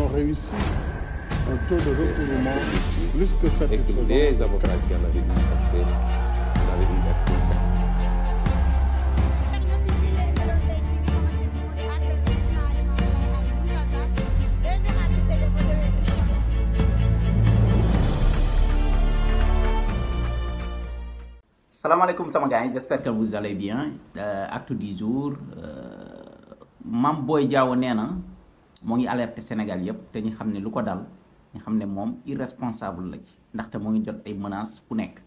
ont réussi un taux de recouvrement plus que satisfaisant. Et que les avocats qui en avaient versé, en avaient versé. salaamaaleykum sama gars yi j'espère que vous allez bien euh, actu du jour euh, Mame Boye Diao nee na moo ngi alerté Sénégal yëpp te ñu xam ne lu ko dal ñu xam ne moom irresponsable la ci ndaxte moo ngi jot ay menaces bu nekk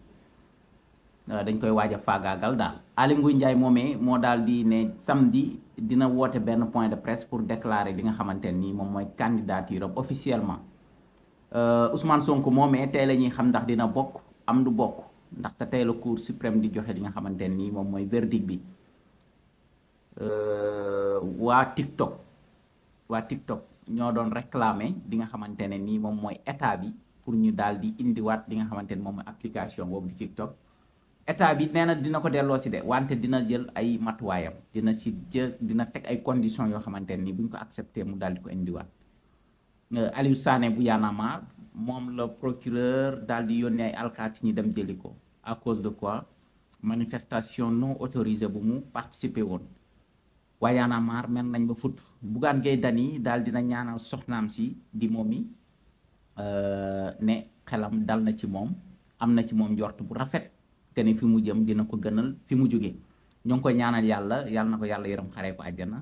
euh, dañ koy waaj a faagaagal daal. Aly Ngouille Ndiaye moomee moo daal di ne samedi dina woote benn point de presse pour déclarer li nga xamante nii moom mooy candidature officiellement euh, Ousmane moom moomee tey la ñuy xam ndax dina bokk am du bokk ndaxte tey la cour suprême di joxe li nga xamante nii moom mooy verdict bi euh, waa TikTok. waa TikTok ñoo doon réclamer di nga xamante ne nii moom mooy état bi pour ñu daal di indiwaat li nga xamante ne moom mooy application boobu di TikTok état bi nee na dina ko delloo si de wante dina jël ay matuwaayam dina si jël dina teg ay conditions yoo xamante ne nii bu ko accepté mu daal di ko indiwaat euh, Aliou Sané bu Y'en a moom la procureur daal di yónnee ay alkaati ñi dem jëli ko à cause de quoi manifestation no autorisée bu mu participer woon. waa Y'en a marre mer nañ ba fut Bougane Gueye Dany daal dina ñaanal soxnaam si di moom yi euh, ne xelam dal na ci moom am na ci moom njort bu rafet te fi mu jëm dina ko gënal fi mu jógee ñoo ngi koy ñaanal yàlla yàlla na ko yàlla yërëm xaree ko àjjana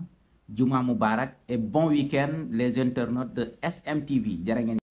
juma mubarak et bon week les internautes de SMTV jërë